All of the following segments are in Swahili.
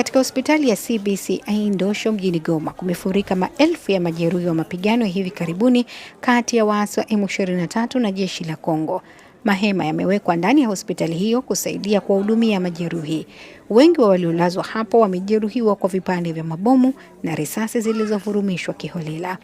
Katika hospitali ya CBC Ndosho mjini Goma kumefurika maelfu ya majeruhi wa mapigano ya hivi karibuni kati ya waasi wa M23 na jeshi la Kongo. Mahema yamewekwa ndani ya hospitali hiyo kusaidia kuwahudumia majeruhi. Wengi wa waliolazwa hapo wamejeruhiwa kwa vipande vya mabomu na risasi zilizovurumishwa kiholela.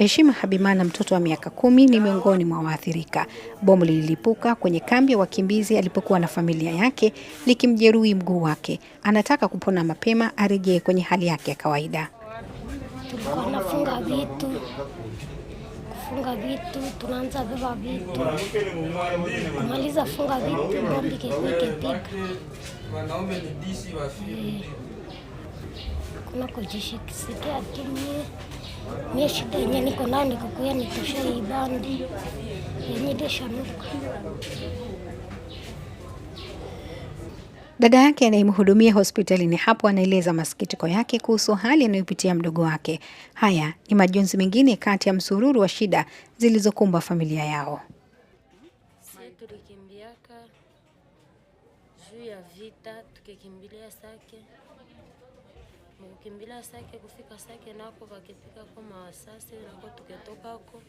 Heshima Habimana, mtoto wa miaka kumi, ni miongoni mwa waathirika. Bomu lililipuka kwenye kambi ya wakimbizi alipokuwa na familia yake likimjeruhi mguu wake. Anataka kupona mapema arejee kwenye hali yake ya kawaida. Tulikuwa vitu, kufunga vitu, tunaanza beba vitu, kumaliza funga vitu, tumie Mie shida yenye niko nayo nikakuya nitosha ibandi yenye ilishanuka. Dada yake anayemhudumia hospitalini hapo anaeleza masikitiko yake kuhusu hali anayopitia mdogo wake. Haya ni majonzi mengine kati ya msururu wa shida zilizokumba familia yao. Sisi tulikimbiaka juu ya vita, tukikimbilia Sake mukimbila Sake kufika Sake nako vakifika ko mawasasi nako tuketokako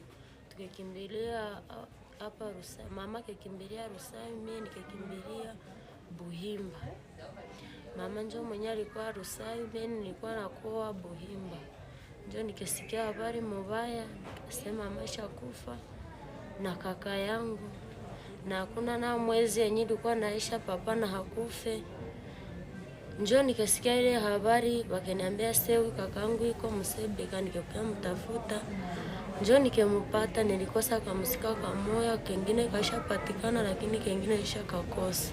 tukekimbilia hapa Rusa, mama kekimbilia Rusayi, mimi nikekimbilia Buhimba. Mama njo mwenye alikuwa Rusayi, mimi nilikuwa nakoa Buhimba. Njo nikisikia habari mubaya, nikasema maisha kufa na kaka yangu, na hakuna na mwezi yenye ilikuwa naisha papa na hakufe njo nikasikia ile habari, wakaniambia Sewi kakangu iko Msebeka, nikakuya mtafuta. njo nikemupata, nilikosa kamsika kwa moyo, kengine kashapatikana, lakini kengine isha kakosa.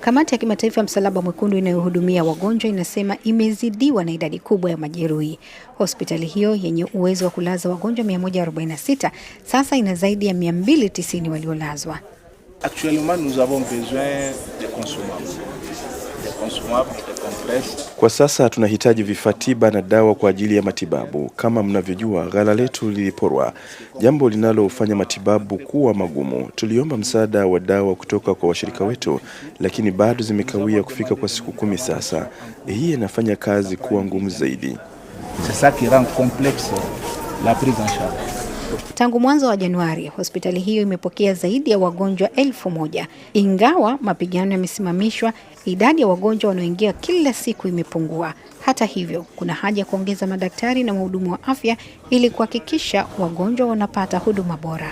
Kamati ya Kimataifa ya Msalaba Mwekundu inayohudumia wagonjwa inasema imezidiwa na idadi kubwa ya majeruhi. Hospitali hiyo yenye uwezo wa kulaza wagonjwa 146 sasa ina zaidi ya 290 waliolazwa. Actuellement, nous avons besoin de consommables. Kwa sasa tunahitaji vifaa tiba na dawa kwa ajili ya matibabu. Kama mnavyojua, ghala letu liliporwa, jambo linalofanya matibabu kuwa magumu. Tuliomba msaada wa dawa kutoka kwa washirika wetu, lakini bado zimekawia kufika kwa siku kumi sasa. Hii inafanya kazi kuwa ngumu zaidi. C'est ça qui rend complexe la prise en charge. Tangu mwanzo wa Januari, hospitali hiyo imepokea zaidi ya wagonjwa elfu moja. Ingawa mapigano yamesimamishwa, idadi ya wagonjwa wanaoingia kila siku imepungua. Hata hivyo, kuna haja ya kuongeza madaktari na wahudumu wa afya ili kuhakikisha wagonjwa wanapata huduma bora.